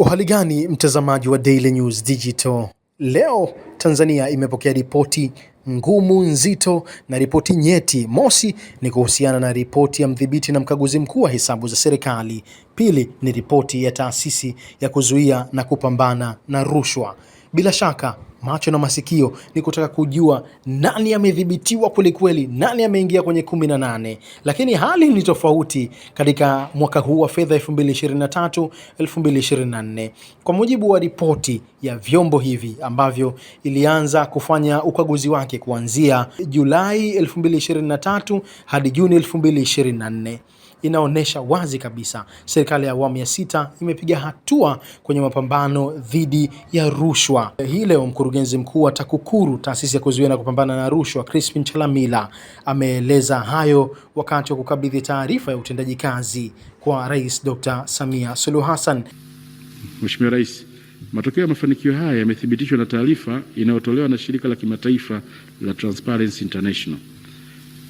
Uhali gani mtazamaji wa Daily News Digital. Leo Tanzania imepokea ripoti ngumu nzito na ripoti nyeti. Mosi ni kuhusiana na ripoti ya mdhibiti na mkaguzi mkuu wa hesabu za serikali. Pili ni ripoti ya taasisi ya kuzuia na kupambana na rushwa. Bila shaka macho na masikio ni kutaka kujua nani amedhibitiwa kwelikweli, nani ameingia kwenye kumi na nane. Lakini hali ni tofauti katika mwaka huu wa fedha 2023 2024. Kwa mujibu wa ripoti ya vyombo hivi ambavyo ilianza kufanya ukaguzi wake kuanzia Julai 2023 hadi Juni 2024 inaonyesha wazi kabisa serikali ya awamu ya sita imepiga hatua kwenye mapambano dhidi ya rushwa. Hii leo mkurugenzi mkuu wa TAKUKURU, taasisi ya kuzuia na kupambana na rushwa, Crispin Chalamila ameeleza hayo wakati wa kukabidhi taarifa ya utendaji kazi kwa Rais Dr. Samia Suluhu Hassan. Mheshimiwa Rais, matokeo ya mafanikio haya yamethibitishwa na taarifa inayotolewa na shirika la kimataifa la Transparency International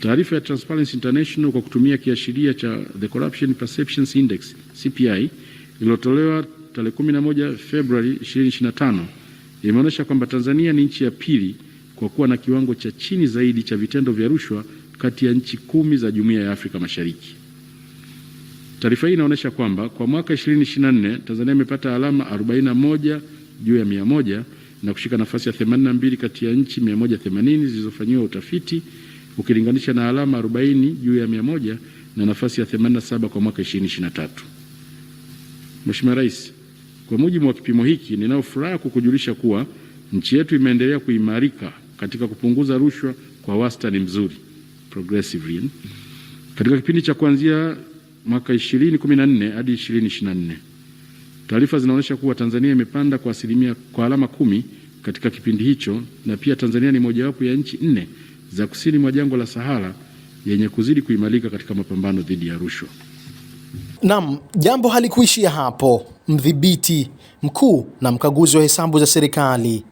Taarifa ya Transparency International kwa kutumia kiashiria cha The Corruption Perceptions Index CPI iliyotolewa tarehe 11 Februari 2025 imeonyesha kwamba Tanzania ni nchi ya pili kwa kuwa na kiwango cha chini zaidi cha vitendo vya rushwa kati ya nchi kumi za Jumuiya ya Afrika Mashariki. Taarifa hii inaonyesha kwamba kwa mwaka 2024 Tanzania imepata alama 41 juu ya 100 na kushika nafasi ya 82 kati ya nchi 180 zilizofanyiwa utafiti ukilinganisha na alama 40 juu ya 100 na nafasi ya 87 kwa mwaka 2023. Mheshimiwa Rais, kwa mujibu wa kipimo hiki, ninao furaha kukujulisha kuwa nchi yetu imeendelea kuimarika katika kupunguza rushwa kwa wastani mzuri progressively eh, katika kipindi cha kuanzia mwaka 2014 hadi 2024. Taarifa zinaonyesha kuwa Tanzania imepanda kwa asilimia kwa alama kumi katika kipindi hicho na pia Tanzania ni mojawapo ya nchi nne za kusini mwa jangwa la Sahara yenye kuzidi kuimarika katika mapambano dhidi ya rushwa. Naam, jambo halikuishia hapo. Mdhibiti mkuu na mkaguzi wa hesabu za serikali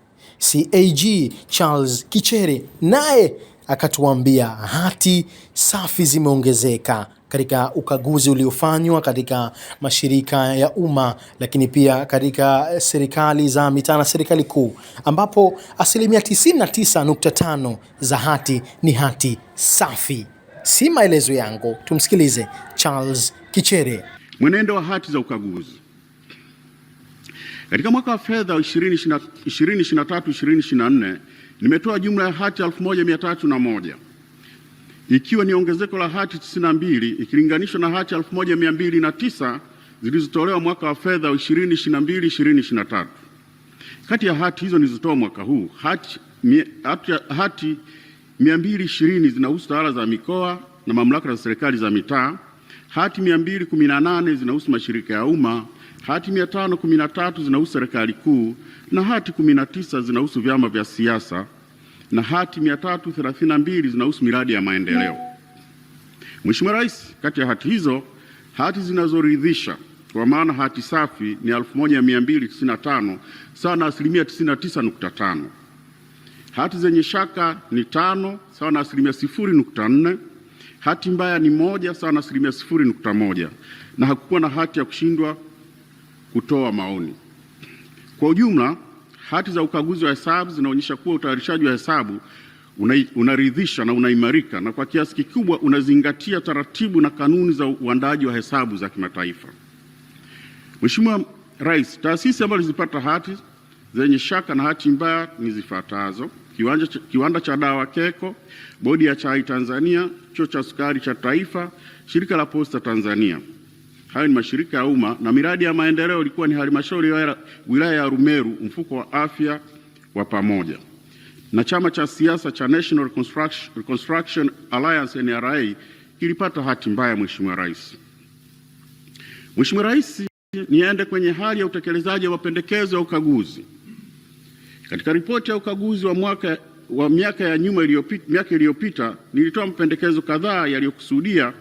CAG Charles Kichere naye akatuambia hati safi zimeongezeka katika ukaguzi uliofanywa katika mashirika ya umma lakini pia katika eh, serikali za mitaa na serikali kuu, ambapo asilimia 99.5 za hati ni hati safi. Si maelezo yangu, tumsikilize Charles Kichere. Mwenendo wa hati za ukaguzi katika mwaka wa fedha 2023/2024 nimetoa jumla ya hati 1301 ikiwa ni ongezeko la hati 92 ikilinganishwa na hati 1209 zilizotolewa mwaka wa fedha 2022 2023. Kati ya hati hizo nilizotoa mwaka huu hati, hati, hati 220 zinahusu tawala za mikoa na mamlaka za serikali za mitaa, hati 218 zinahusu mashirika ya umma, hati 513 zinahusu serikali kuu na hati 19 zinahusu vyama vya siasa na hati 332 zinahusu miradi ya maendeleo. Mheshimiwa Rais, kati ya hati hizo hati zinazoridhisha kwa maana hati safi ni 1295 sawa na asilimia 99.5. Hati zenye shaka ni tano sawa na asilimia 0.4. Hati mbaya ni moja sawa na asilimia 0.1, na hakukuwa na hati ya kushindwa kutoa maoni. Kwa ujumla Hati za ukaguzi wa hesabu zinaonyesha kuwa utayarishaji wa hesabu unaridhisha na unaimarika na kwa kiasi kikubwa unazingatia taratibu na kanuni za uandaji wa hesabu za kimataifa. Mheshimiwa Rais, taasisi ambazo zilipata hati zenye shaka na hati mbaya ni zifuatazo: kiwanja, kiwanda cha dawa Keko, bodi ya chai Tanzania, chuo cha sukari cha Taifa, shirika la posta Tanzania. Hayo ni mashirika ya umma na miradi ya maendeleo ilikuwa ni halmashauri ya wilaya ya Rumeru, mfuko wa afya wa pamoja na chama cha siasa cha National Reconstruction, Reconstruction Alliance NRA kilipata hati mbaya, Mheshimiwa Rais. Mheshimiwa Rais, niende kwenye hali ya utekelezaji wa mapendekezo ya ukaguzi. Katika ripoti ya ukaguzi wa mwaka wa miaka ya nyuma iliyopita, miaka iliyopita nilitoa mapendekezo kadhaa yaliyokusudia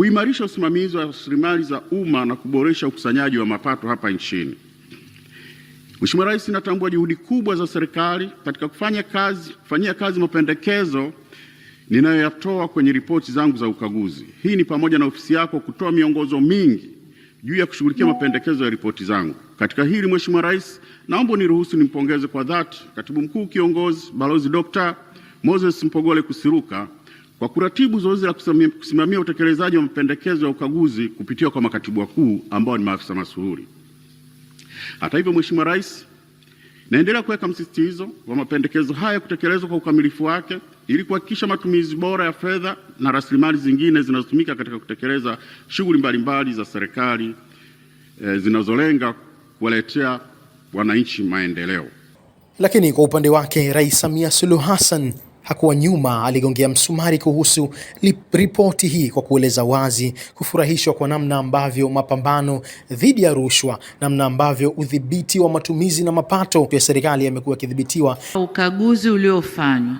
kuimarisha usimamizi wa rasilimali za umma na kuboresha ukusanyaji wa mapato hapa nchini. Mheshimiwa Rais, natambua juhudi kubwa za serikali katika kufanya kazi, kufanyia kazi mapendekezo ninayoyatoa kwenye ripoti zangu za ukaguzi. Hii ni pamoja na ofisi yako kutoa miongozo mingi juu ya kushughulikia mapendekezo ya ripoti zangu. Katika hili Mheshimiwa Rais, naomba niruhusu nimpongeze kwa dhati Katibu Mkuu Kiongozi Balozi Dr. Moses Mpogole Kusiruka kwa kuratibu zoezi la kusimamia utekelezaji wa mapendekezo ya ukaguzi kupitia kwa makatibu wakuu ambao ni maafisa masuhuri. Hata hivyo, Mheshimiwa Rais, naendelea kuweka msisitizo wa mapendekezo haya kutekelezwa kwa ukamilifu wake ili kuhakikisha matumizi bora ya fedha na rasilimali zingine zinazotumika katika kutekeleza shughuli mbalimbali za serikali e, zinazolenga kuwaletea wananchi maendeleo. Lakini kwa upande wake Rais Samia Suluhu Hassan hakuwa nyuma, aligongea msumari kuhusu ripoti hii kwa kueleza wazi kufurahishwa kwa namna ambavyo mapambano dhidi ya rushwa, namna ambavyo udhibiti wa matumizi na mapato ya serikali yamekuwa yakidhibitiwa. Ukaguzi uliofanywa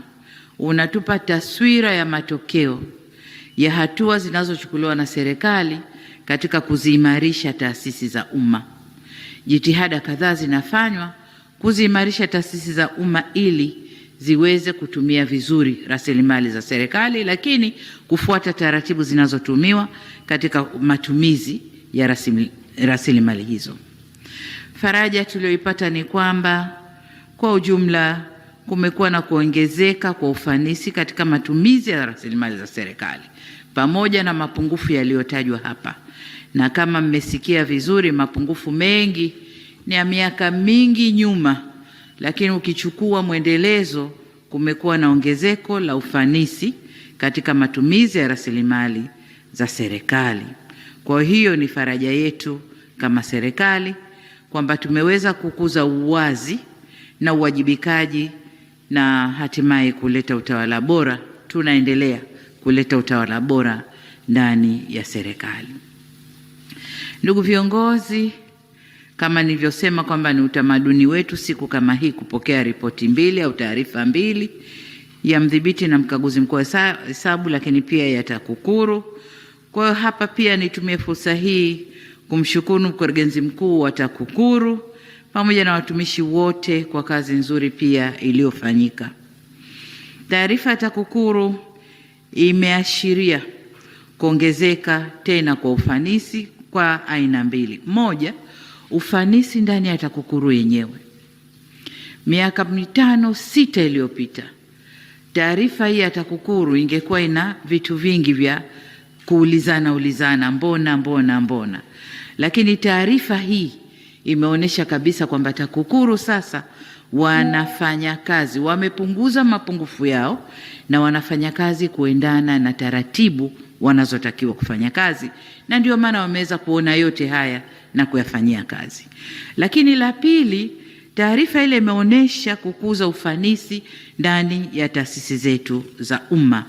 unatupa taswira ya matokeo ya hatua zinazochukuliwa na serikali katika kuziimarisha taasisi za umma. Jitihada kadhaa zinafanywa kuziimarisha taasisi za umma ili ziweze kutumia vizuri rasilimali za serikali, lakini kufuata taratibu zinazotumiwa katika matumizi ya rasilimali hizo. Faraja tuliyoipata ni kwamba kwa ujumla kumekuwa na kuongezeka kwa ufanisi katika matumizi ya rasilimali za serikali pamoja na mapungufu yaliyotajwa hapa, na kama mmesikia vizuri, mapungufu mengi ni ya miaka mingi nyuma lakini ukichukua mwendelezo, kumekuwa na ongezeko la ufanisi katika matumizi ya rasilimali za serikali. Kwa hiyo ni faraja yetu kama serikali kwamba tumeweza kukuza uwazi na uwajibikaji na hatimaye kuleta utawala bora. Tunaendelea kuleta utawala bora ndani ya serikali. Ndugu viongozi kama nilivyosema kwamba ni utamaduni wetu siku kama hii kupokea ripoti mbili au taarifa mbili, ya mdhibiti na mkaguzi mkuu wa hesabu, lakini pia ya TAKUKURU. Kwa hiyo hapa pia nitumie fursa hii kumshukuru mkurugenzi mkuu wa TAKUKURU pamoja na watumishi wote kwa kazi nzuri pia iliyofanyika. Taarifa ya TAKUKURU imeashiria kuongezeka tena kwa ufanisi kwa aina mbili. Moja, ufanisi ndani ya TAKUKURU yenyewe. Miaka mitano sita iliyopita, taarifa hii ya TAKUKURU ingekuwa ina vitu vingi vya kuulizana ulizana, mbona mbona mbona, lakini taarifa hii imeonyesha kabisa kwamba TAKUKURU sasa wanafanya kazi, wamepunguza mapungufu yao na wanafanya kazi kuendana na taratibu wanazotakiwa kufanya kazi na ndio maana wameweza kuona yote haya na kuyafanyia kazi. Lakini la pili, taarifa ile imeonyesha kukuza ufanisi ndani ya taasisi zetu za umma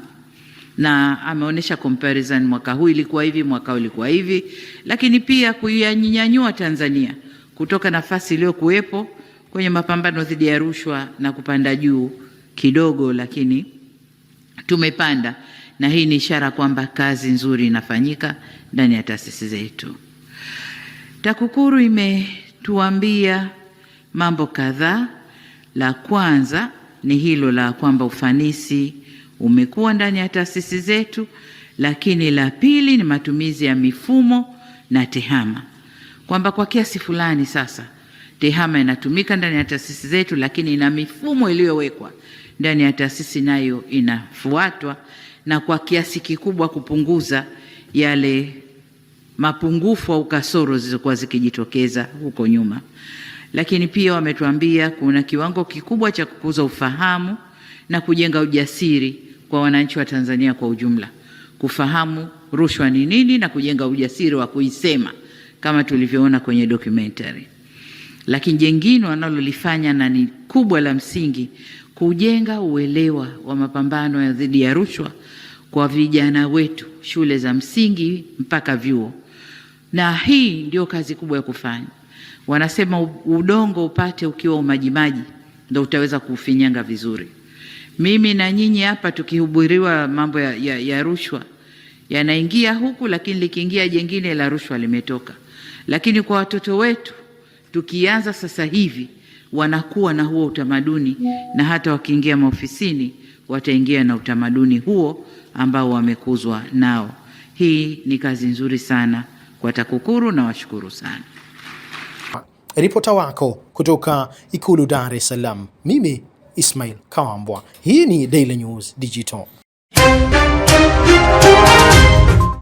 na ameonyesha comparison, mwaka huu ilikuwa hivi, mwaka huu ilikuwa hivi, lakini pia kuyanyanyua Tanzania kutoka nafasi iliyokuwepo kwenye mapambano dhidi ya rushwa na kupanda juu kidogo, lakini tumepanda na hii ni ishara kwamba kazi nzuri inafanyika ndani ya taasisi zetu. TAKUKURU imetuambia mambo kadhaa. La kwanza ni hilo la kwamba ufanisi umekuwa ndani ya taasisi zetu, lakini la pili ni matumizi ya mifumo na tehama, kwamba kwa kiasi fulani sasa tehama inatumika ndani ya taasisi zetu, lakini na mifumo iliyowekwa ndani ya taasisi nayo inafuatwa na kwa kiasi kikubwa kupunguza yale mapungufu au kasoro zilizokuwa zikijitokeza huko nyuma. Lakini pia wametuambia kuna kiwango kikubwa cha kukuza ufahamu na kujenga ujasiri kwa wananchi wa Tanzania kwa ujumla, kufahamu rushwa ni nini na kujenga ujasiri wa kuisema kama tulivyoona kwenye documentary. Lakini jengine wanalolifanya na ni kubwa la msingi, kujenga uelewa wa mapambano ya dhidi ya rushwa kwa vijana wetu shule za msingi mpaka vyuo, na hii ndio kazi kubwa ya kufanya. Wanasema udongo upate ukiwa umajimaji ndio utaweza kufinyanga vizuri. Mimi na nyinyi hapa tukihubiriwa mambo ya, ya, ya rushwa yanaingia huku, lakini likiingia jengine la rushwa limetoka. Lakini kwa watoto wetu tukianza sasa hivi wanakuwa na huo utamaduni, na hata wakiingia maofisini wataingia na utamaduni huo ambao wamekuzwa nao. Hii ni kazi nzuri sana kwa TAKUKURU na washukuru sana. Ripota wako kutoka Ikulu Dar es Salaam, mimi Ismail Kawambwa. Hii ni Daily News Digital.